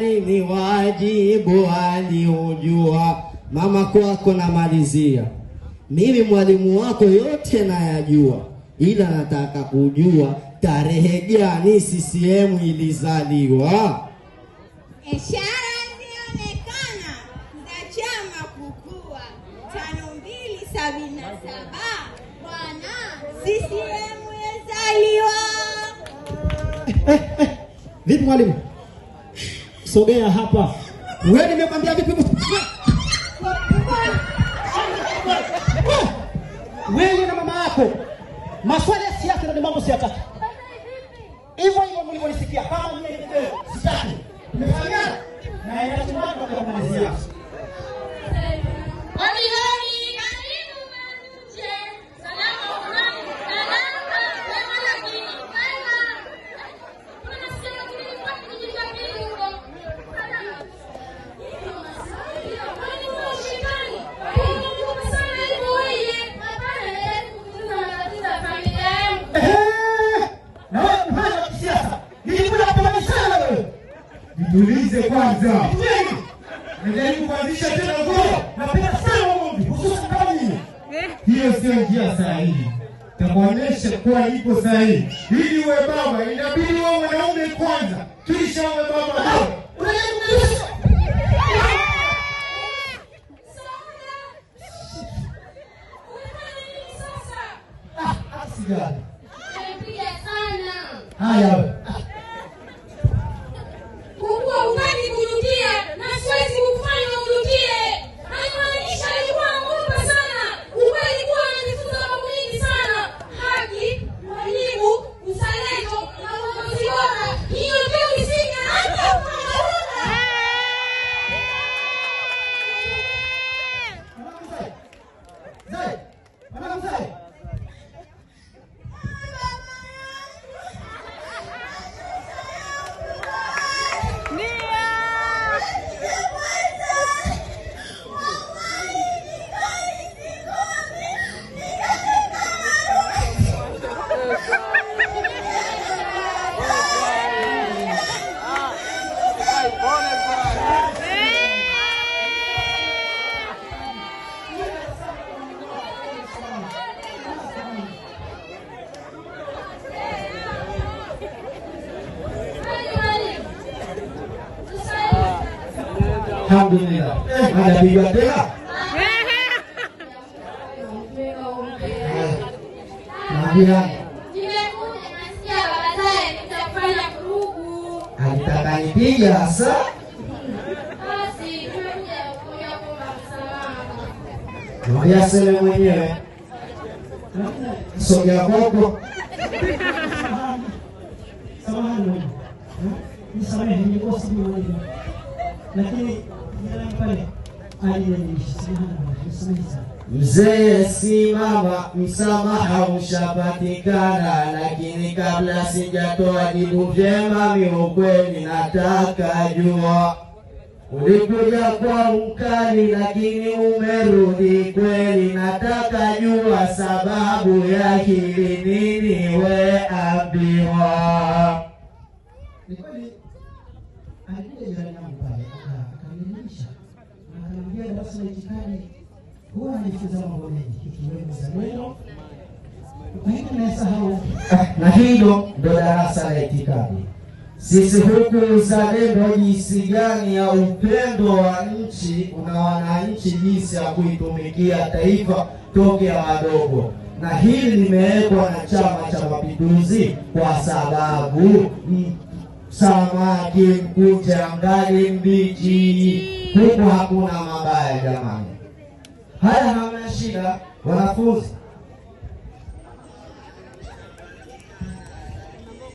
tayari ni wajibu aliujua. Mama kwako namalizia mimi, mwalimu wako yote nayajua, ila nataka kujua tarehe gani CCM ilizaliwa? Ishara zionekana za chama kukua, tano mbili sabini na saba. Bwana CCM eh, eh, eh. Vipi mwalimu? Sogea hapa. Wewe nimekwambia vipi? Wewe na mama yako. Maswali ya siasa ndio mambo siyataki. Hivyo hivyo mlivyonisikia hapa mimi sitaki. Nimefanana na inatumwa kwa kumalizia. tulize kwanza. Najaribu kuanzisha tena ngoro. Napenda sana ng'ombe, hususan kama hii. Hiyo sio njia sahihi. Takuonyesha kuwa iko sahihi. Ili uwe baba, inabidi wewe mwanaume kwanza. Kisha uwe baba. Unajua ah, ah, Haya. Alhamdulillah. Eh, Alinipiga hasa Uyasele mwenyewe sogea kwako, lakini pale aliyeniishi Mzee simama, msamaha ushapatikana, lakini kabla sijatoa jibu vyema, ukweli nataka jua. Ulikuja kwa ukali, lakini umerudi kweli, nataka jua sababu ya hili nini? We ambiwa huwa anajifunza mambo mengi ikiwemo nasahau ah, na hilo ndo darasa la itikadi sisi huku uzalendo, jinsi gani ya upendo wa nchi una wananchi, jinsi ya kuitumikia taifa tokea wadogo. Na hili limewekwa na Chama cha Mapinduzi kwa sababu samaki mkunja ngali mbichi, huku hakuna mabaya jamani. Haya hamna shida wanafunzi.